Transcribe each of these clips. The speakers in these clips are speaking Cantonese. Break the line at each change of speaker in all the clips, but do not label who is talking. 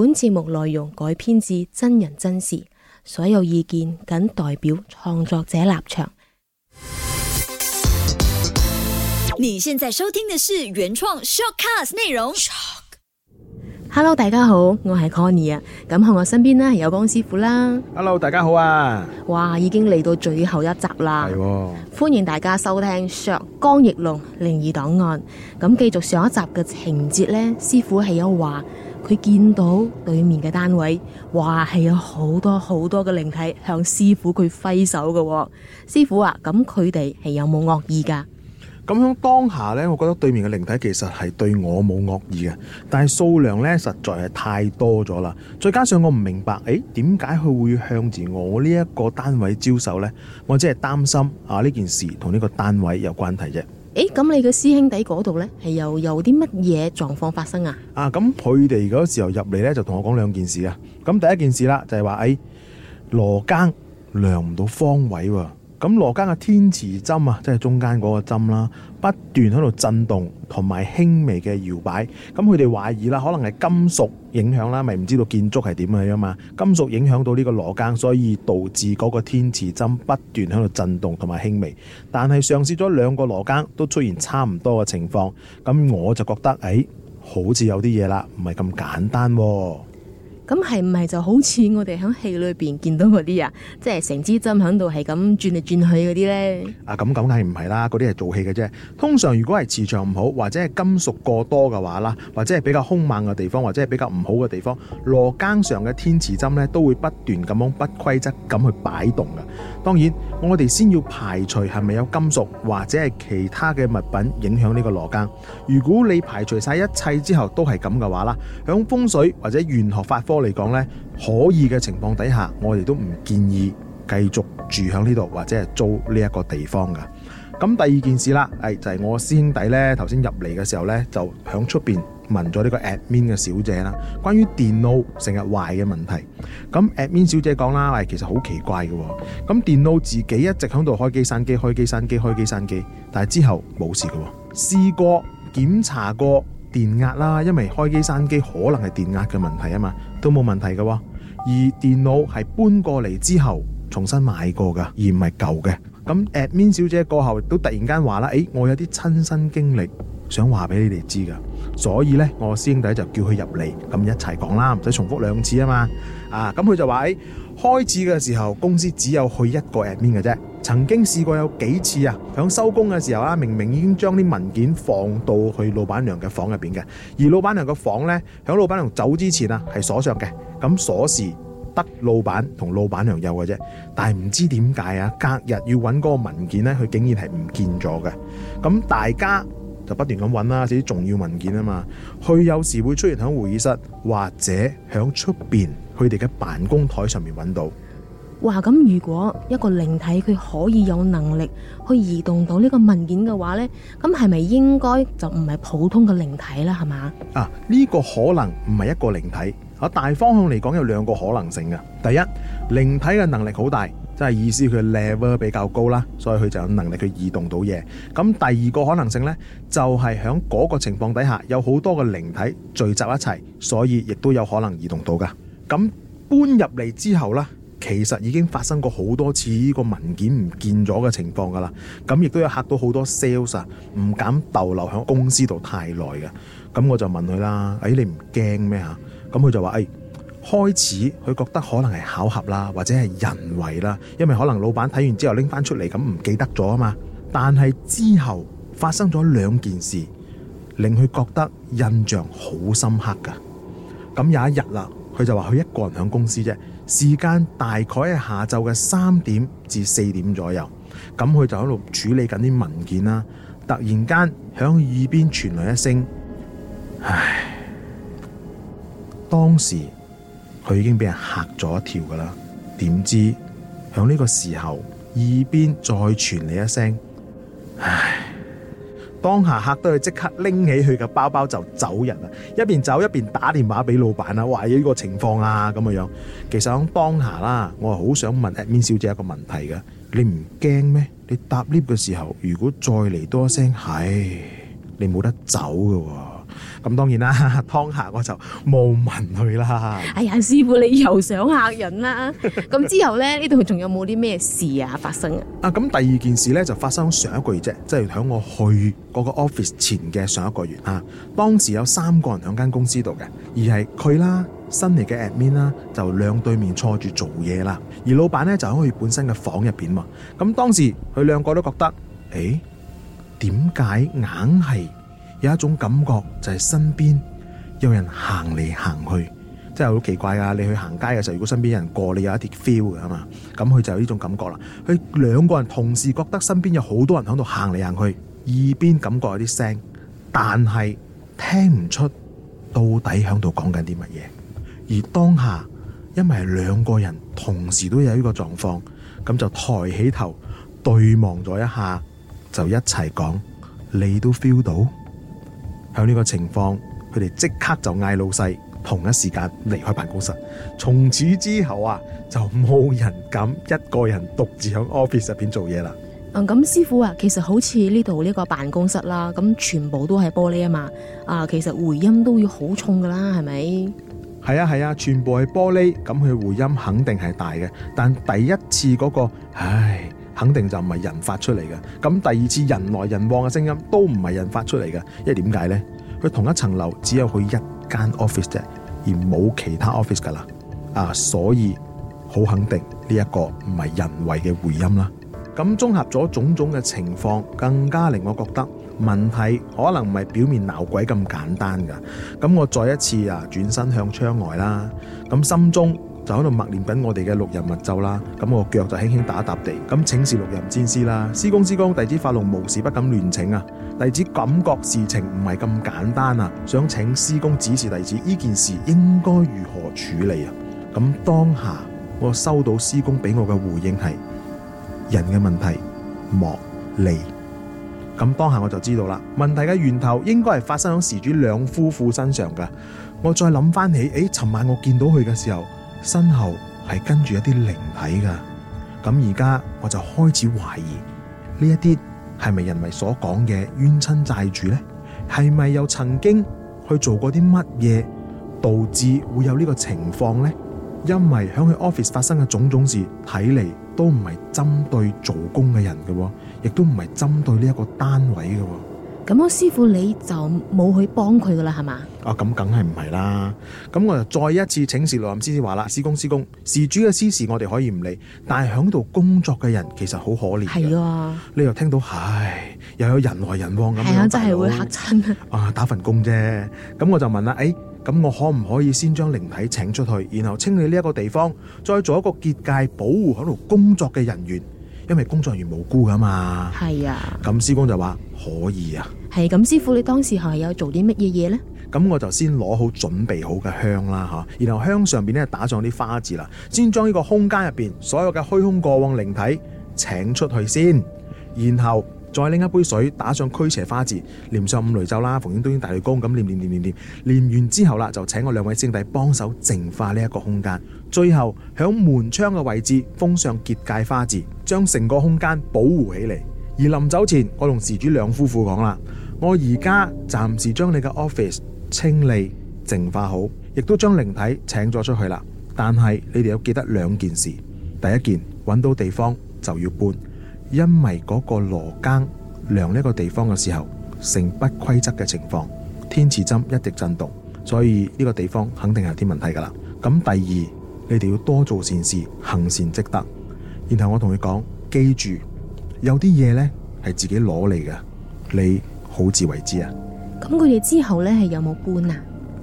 本節目內容改編自真人真事，所有意見僅代表創作者立場。你現在收聽的是原創 Shortcast 內容。Hello，大家好，我係 Connie 啊，咁喺我身邊呢有江師傅啦。Hello，大家好啊！哇，已經嚟到最後一集啦，哦、歡迎大家收聽《石江奕龍靈異檔案》。咁繼續上一集嘅情節呢，師傅係有話。佢見到對面嘅單位，話係有好多好多嘅靈體向師傅佢揮手嘅、哦。師傅啊，咁佢哋係有冇惡意噶？
咁喺當下呢，我覺得對面嘅靈體其實係對我冇惡意嘅，但係數量呢，實在係太多咗啦。再加上我唔明白，誒、欸，點解佢會向住我呢一個單位招手呢？我只係擔心啊，呢件事同呢個單位有關係啫。
誒，咁、欸、你嘅師兄弟嗰度呢，係又有啲乜嘢狀況發生啊？
啊，咁佢哋嗰時候入嚟呢，就同我講兩件事呀。咁第一件事啦、哎，就係話喺羅庚量唔到方位喎。咁羅庚嘅天池針啊，即係中間嗰個針啦，不斷喺度震動同埋輕微嘅搖擺。咁佢哋懷疑啦，可能係金屬。影響啦，咪、就、唔、是、知道建築係點樣啊嘛。金屬影響到呢個羅庚，所以導致嗰個天池針不斷喺度震動同埋輕微。但係嘗試咗兩個羅庚都出現差唔多嘅情況，咁我就覺得誒，好似有啲嘢啦，唔係咁簡單喎、啊。
咁係唔係就好似我哋喺戲裏邊見到嗰啲，就是，啊，即係成支針喺度係咁轉嚟轉去嗰啲呢？
啊，咁梗係唔係啦，嗰啲係做戲嘅啫。通常如果係磁場唔好，或者係金屬過多嘅話啦，或者係比較兇猛嘅地方，或者係比較唔好嘅地方，羅庚上嘅天池針呢，都會不斷咁樣不規則咁去擺動嘅。當然，我哋先要排除係咪有金屬或者係其他嘅物品影響呢個羅庚。如果你排除晒一切之後都係咁嘅話啦，響風水或者玄學法科，我嚟講呢，可以嘅情況底下，我哋都唔建議繼續住喺呢度或者係租呢一個地方噶。咁第二件事啦，誒就係、是、我師兄弟呢頭先入嚟嘅時候呢，就響出邊問咗呢個 admin 嘅小姐啦。關於電腦成日壞嘅問題，咁 admin 小姐講啦，誒其實好奇怪嘅，咁電腦自己一直響度開機、閂機、開機、閂機、開機、閂機，但係之後冇事嘅，試過檢查過。電壓啦，因為開機、閂機可能係電壓嘅問題啊嘛，都冇問題噶。而電腦係搬過嚟，之後重新買過噶，而唔係舊嘅。咁 Admin 小姐過後都突然間話啦，誒、哎，我有啲親身經歷想話俾你哋知噶。所以呢，我師兄弟就叫佢入嚟，咁一齊講啦，唔使重複兩次啊嘛。啊，咁佢就話誒。開始嘅時候，公司只有去一個 admin 嘅啫。曾經試過有幾次啊，響收工嘅時候啊，明明已經將啲文件放到佢老闆娘嘅房入邊嘅，而老闆娘嘅房呢，響老闆娘走之前啊，係鎖上嘅。咁鎖匙得老闆同老闆娘有嘅啫，但係唔知點解啊，隔日要搵嗰個文件呢，佢竟然係唔見咗嘅。咁大家就不斷咁搵啦，啲重要文件啊嘛，佢有時會出現響會議室或者響出邊。佢哋嘅辦公台上面揾到
啊，哇！咁如果一個靈體佢可以有能力去移動到呢個文件嘅話呢，咁係咪應該就唔係普通嘅靈體啦？係嘛
啊？呢個可能唔係一個靈體啊。大方向嚟講，有兩個可能性嘅。第一，靈體嘅能力好大，即係意思佢 level 比較高啦，所以佢就有能力去移動到嘢。咁第二個可能性呢，就係喺嗰個情況底下有好多個靈體聚集一齊，所以亦都有可能移動到噶。咁搬入嚟之後啦，其實已經發生過好多次呢個文件唔見咗嘅情況噶啦。咁亦都有嚇到好多 sales 唔敢逗留喺公司度太耐嘅。咁我就問佢啦：誒、哎，你唔驚咩啊？咁佢就話：誒、哎，開始佢覺得可能係巧合啦，或者係人為啦，因為可能老闆睇完之後拎翻出嚟咁唔記得咗啊嘛。但係之後發生咗兩件事，令佢覺得印象好深刻噶。咁有一日啦。佢就話佢一個人喺公司啫，時間大概係下晝嘅三點至四點左右，咁佢就喺度處理緊啲文件啦。突然間響耳邊傳來一聲，唉！當時佢已經俾人嚇咗一跳噶啦，點知響呢個時候耳邊再傳嚟一聲，唉！當下嚇得佢即刻拎起佢嘅包包就走人啊！一邊走一邊打電話俾老闆啦，話呢個情況啊咁嘅樣。其實響當下啦，我係好想問 admin 小姐一個問題嘅，你唔驚咩？你搭 lift 嘅時候，如果再嚟多一聲，係你冇得走噶。咁當然啦，湯下我就冇問佢啦。
哎呀，師傅你又想嚇人啦！咁 之後咧，呢度仲有冇啲咩事啊發生啊？
啊，咁第二件事咧就發生上一個月啫，即係響我去嗰個 office 前嘅上一個月啊。當時有三個人喺間公司度嘅，而係佢啦、新嚟嘅 admin 啦，就兩對面坐住做嘢啦。而老闆咧就喺佢本身嘅房入邊嘛。咁當時佢兩個都覺得，誒點解硬係？為什麼有一種感覺就係身邊有人行嚟行去，真係好奇怪啊！你去行街嘅時候，如果身邊有人過，你有一啲 feel 嘅嘛？咁佢就有呢種感覺啦。佢兩個人同時覺得身邊有好多人喺度行嚟行去，耳邊感覺有啲聲，但係聽唔出到底喺度講緊啲乜嘢。而當下，因為兩個人同時都有呢個狀況，咁就抬起頭對望咗一下，就一齊講：你都 feel 到。響呢個情況，佢哋即刻就嗌老細，同一時間離開辦公室。從此之後啊，就冇人敢一個人獨自喺 office 入邊做嘢啦。
啊、嗯，咁師傅啊，其實好似呢度呢個辦公室啦，咁全部都係玻璃啊嘛。啊，其實回音都要好重噶啦，係咪？
係啊係啊，全部係玻璃，咁佢回音肯定係大嘅。但第一次嗰個唉。肯定就唔係人發出嚟嘅，咁第二次人來人往嘅聲音都唔係人發出嚟嘅，因為點解呢？佢同一層樓只有佢一間 office 啫，而冇其他 office 噶啦，啊，所以好肯定呢一個唔係人為嘅回音啦。咁綜合咗種種嘅情況，更加令我覺得問題可能唔係表面鬧鬼咁簡單噶。咁我再一次啊轉身向窗外啦，咁心中。就喺度默念緊我哋嘅六人密咒啦，咁我腳就輕輕打一踏地，咁請示六人禪師啦。師公師公，弟子法龍無事不敢亂請啊，弟子感覺事情唔係咁簡單啊，想請師公指示弟子呢件事應該如何處理啊？咁當下我收到師公俾我嘅回應係人嘅問題莫離，咁當下我就知道啦，問題嘅源頭應該係發生喺事主兩夫婦身上噶。我再諗翻起，誒，尋晚我見到佢嘅時候。身後係跟住一啲靈體噶，咁而家我就開始懷疑呢一啲係咪人為所講嘅冤親債主呢？係咪又曾經去做過啲乜嘢，導致會有呢個情況呢？因為喺佢 office 發生嘅種種事睇嚟，看來都唔係針對做工嘅人嘅，亦都唔係針對呢一個單位嘅。咁，我
師傅你就冇去幫佢噶啦，係嘛？
啊，咁梗係唔係啦。咁我又再一次請示羅林林先師話啦：，師公師公，事主嘅私事我哋可以唔理，但係喺度工作嘅人其實好可憐。係啊。你又聽到，唉，又有人來人往咁樣，係啊，真係會嚇親。啊，打份工啫。咁、嗯、我就問啦，誒、欸，咁我可唔可以先將靈體請出去，然後清理呢一個地方，再做一個結界保護喺度工作嘅人員，因為工作人員無辜噶嘛。係啊。咁師公就話可以啊。係
咁，師傅，你當時係有做啲乜嘢嘢呢？
咁我就先攞好準備好嘅香啦，嚇，然後香上邊咧打上啲花字啦，先將呢個空間入邊所有嘅虛空過往靈體請出去先，然後再拎一杯水打上驅邪花字，唸上五雷咒啦，逢凶都應大雷公咁唸唸唸唸唸，唸完之後啦，就請我兩位師弟幫手淨化呢一個空間，最後響門窗嘅位置封上結界花字，將成個空間保護起嚟。而臨走前，我同事主兩夫婦講啦。我而家暫時將你嘅 office 清理淨化好，亦都將靈體請咗出去啦。但係你哋要記得兩件事：第一件揾到地方就要搬，因為嗰個羅庚量呢個地方嘅時候成不規則嘅情況，天池針一直震動，所以呢個地方肯定係有啲問題噶啦。咁第二，你哋要多做善事，行善積德。然後我同你講，記住有啲嘢呢係自己攞嚟嘅，你，好自為之啊！
咁佢哋之後呢，係有冇搬啊？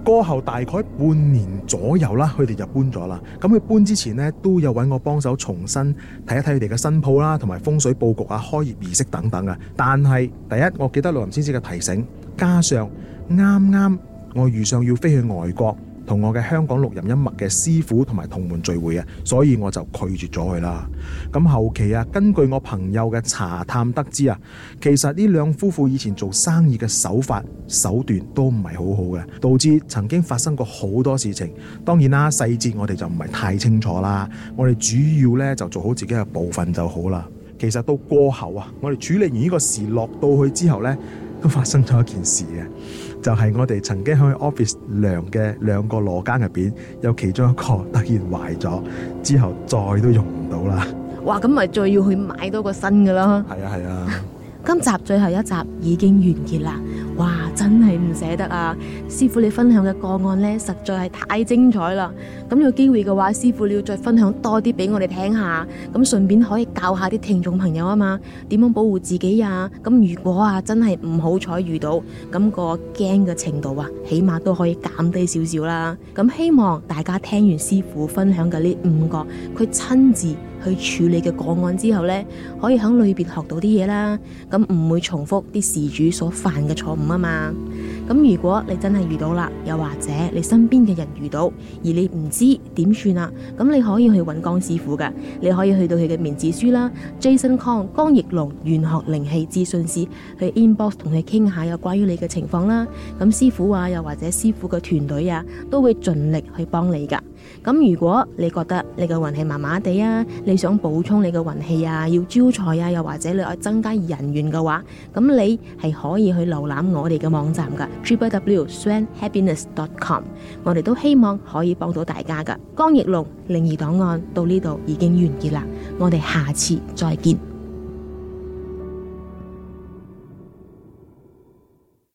過後大概半年左右啦，佢哋就搬咗啦。咁佢搬之前呢，都有揾我幫手重新睇一睇佢哋嘅新鋪啦，同埋風水布局啊、開業儀式等等啊。但係第一，我記得羅林先生嘅提醒，加上啱啱我遇上要飛去外國。同我嘅香港六人一脈嘅師傅同埋同門聚會啊，所以我就拒絕咗佢啦。咁後期啊，根據我朋友嘅查探得知啊，其實呢兩夫婦以前做生意嘅手法手段都唔係好好嘅，導致曾經發生過好多事情。當然啦，細節我哋就唔係太清楚啦。我哋主要呢就做好自己嘅部分就好啦。其實到過後啊，我哋處理完呢個事落到去之後呢，都發生咗一件事嘅。就係我哋曾經去 office 量嘅兩個羅庚入面，有其中一個突然壞咗，之後再都用唔到啦。
哇！咁咪再要去買多個新嘅啦。
係啊係啊。
今集最後一集已經完結啦，哇，真係唔捨得啊！師傅你分享嘅個案呢，實在係太精彩啦！咁有機會嘅話，師傅你要再分享多啲俾我哋聽下，咁順便可以教下啲聽眾朋友啊嘛，點樣保護自己啊？咁如果啊，真係唔好彩遇到，咁個驚嘅程度啊，起碼都可以減低少少啦。咁希望大家聽完師傅分享嘅呢五個，佢親自。去處理嘅個案之後呢，可以喺裏邊學到啲嘢啦，咁唔會重複啲事主所犯嘅錯誤啊嘛。咁如果你真係遇到啦，又或者你身邊嘅人遇到，而你唔知點算啦，咁你可以去揾江師傅噶，你可以去到佢嘅面子書啦，Jason Kong 江奕龍玄學靈氣諮詢師去 inbox 同佢傾下有關於你嘅情況啦。咁師傅話、啊、又或者師傅嘅團隊啊，都會盡力去幫你噶。咁如果你覺得你嘅運氣麻麻地啊，你想補充你嘅運氣啊，要招財啊，又或者你愛增加人緣嘅話，咁你係可以去瀏覽我哋嘅網站噶，www.swanhappiness.com，我哋都希望可以幫到大家噶。江奕龍靈異檔案到呢度已經完結啦，我哋下次
再見。